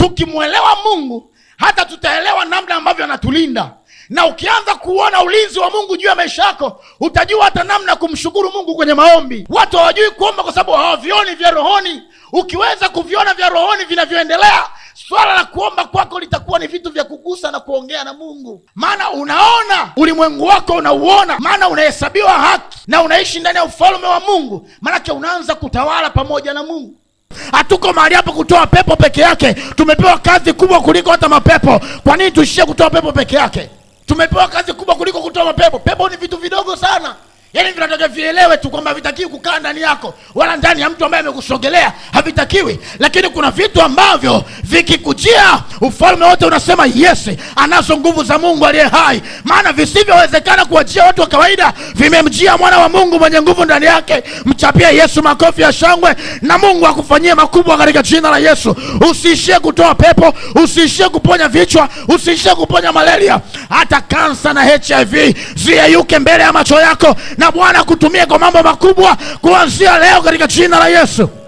Tukimwelewa Mungu hata tutaelewa namna ambavyo anatulinda, na ukianza kuona ulinzi wa Mungu juu ya maisha yako utajua hata namna kumshukuru Mungu kwenye maombi. Watu hawajui kuomba kwa sababu hawavioni vya rohoni. Ukiweza kuviona vya rohoni vinavyoendelea swala la kuomba kwako litakuwa ni vitu vya kugusa na kuongea na Mungu, maana unaona ulimwengu wako unauona, maana unahesabiwa haki na unaishi ndani ya ufalme wa Mungu, maanake unaanza kutawala pamoja na Mungu. Hatuko mahali hapa kutoa pepo peke yake, tumepewa kazi kubwa kuliko hata mapepo. Kwa nini tuishie kutoa pepo peke yake? Tumepewa kazi kubwa kuliko kutoa mapepo. Pepo ni vitu vidogo sana. Yaani vinataka vielewe tu kwamba havitakiwi kukaa ndani yako wala ndani ya mtu ambaye amekusogelea, havitakiwi. Lakini kuna vitu ambavyo vikikujia, ufalme wote unasema yes, anazo nguvu za Mungu aliye hai, maana visivyowezekana kuwajia watu wa kawaida vimemjia mwana wa Mungu mwenye nguvu ndani yake. Mchapie Yesu makofi ya shangwe, na Mungu akufanyie makubwa katika jina la Yesu. Usiishie kutoa pepo, usiishie kuponya vichwa, usiishie kuponya malaria, hata kansa na HIV ziyeyuke mbele ya macho yako na Bwana akutumie kwa mambo makubwa kuanzia leo katika jina la Yesu.